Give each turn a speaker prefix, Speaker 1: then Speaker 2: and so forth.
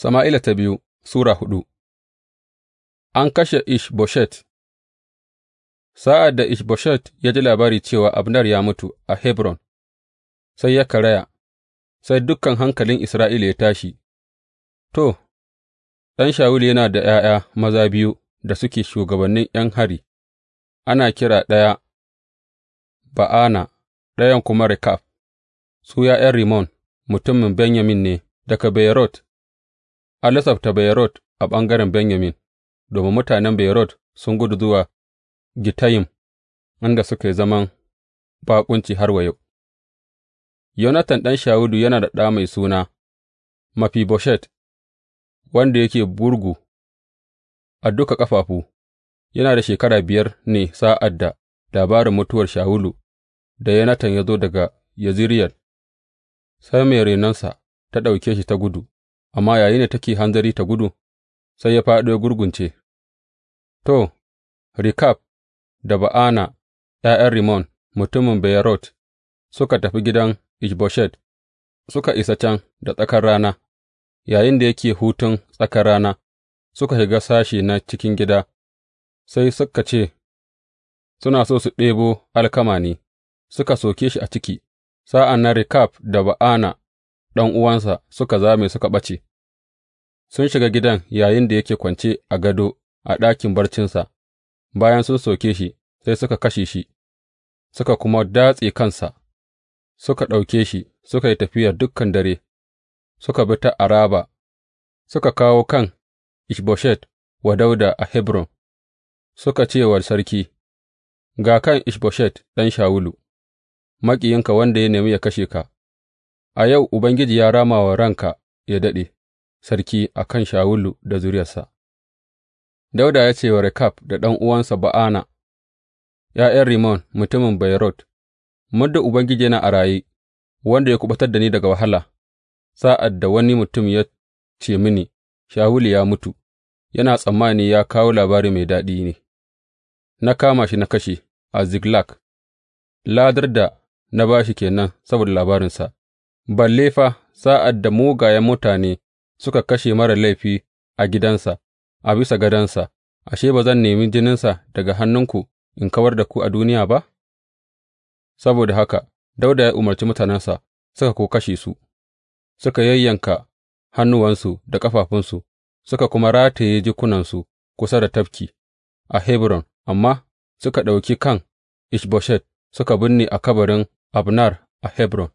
Speaker 1: Sama'ila ta biyu Sura hudu An kashe Ish Ishboshet Sa'ad da Ishboshet ya ji labari cewa Abner ya mutu a Hebron, sai ya karaya, sai dukan hankalin Isra'ila ya tashi, To, ɗan Shawulu yana da ’ya'ya maza biyu da suke shugabannin ’yan hari, ana kira ɗaya Ba'ana, ɗayan kuma rekaf su ’ya'yan Rimon mutumin Benyamin ne daga Beyerot. An lissafta Beyerot a ɓangaren Benyamin, domin mutanen Beyerot sun gudu zuwa Gittayim, inda suka yi zaman baƙunci har wa yau. Yonatan ɗan Shawulu yana da ɗa mai suna Mafiboshet, wanda yake burgu a duka ƙafafu, yana da shekara biyar ne sa'ad da labarin mutuwar Shawulu da Yonatan ya zo daga yaziriyar sai mai renonsa ta ɗauke shi ta gudu. amma yayinda take hanzari ta gudu, sai ya fāɗo ya gurgunce, to, Rikab da Ba'ana, ’ya'yan rimon mutumin Beyarot, suka tafi gidan Ishboshet, suka isa can da tsakar rana, yayinda yake hutun tsakar rana, suka shiga sashe na cikin gida, sai suka ce, Suna so su ɗebo alkama ne, suka soke shi a ciki, sa'an na Rekab da Ba'ana ɗan'uwansa suka zame suka ɓace, sun shiga gidan yayinda yake kwance a gado a ɗakin barcinsa, bayan sun soke shi, sai suka kashe shi, suka kuma datse kansa, suka ɗauke shi, suka yi tafiya dukkan dare, suka bi ta Araba, suka kawo kan Ishboshet wa Dauda a Hebron, suka ce wa sarki, Ga kan Ishboshet ɗan Shawulu, maƙiyinka wanda ya nemi ya kashe ka. A yau Ubangiji ya rama wa ranka yă daɗe, sarki a kan Shawulu da zuriyarsa. Dauda ya ce wa Rekab da ɗan'uwansa Ba'ana, ’ya'yan Rimon mutumin Beyerot, Muddin Ubangiji yana a raye, wanda ya kuɓatar da ni daga wahala, sa'ad da wani mutum ya ce mini, Shawulu ya mutu, yana tsammani ya kawo labari mai daɗi ne, na kama shi na kashe a Ziklag, ladar da na ba shi kenan saboda labarinsa. balle fa sa'ad da mugayen mutane suka kashe marar laifi a gidansa, a bisa gadansa ashe, ba zan nemi jininsa daga hannunku in kawar da ku a duniya ba? Saboda haka, Dauda ya umarci mutanensa suka ko kashe su, suka yayyanka hannuwansu da ƙafafunsu, suka kuma rataye jikunansu kusa da tafki a Hebron, amma suka ɗauki kan Ishboshet suka binne a kabarin Abnar a Hebron.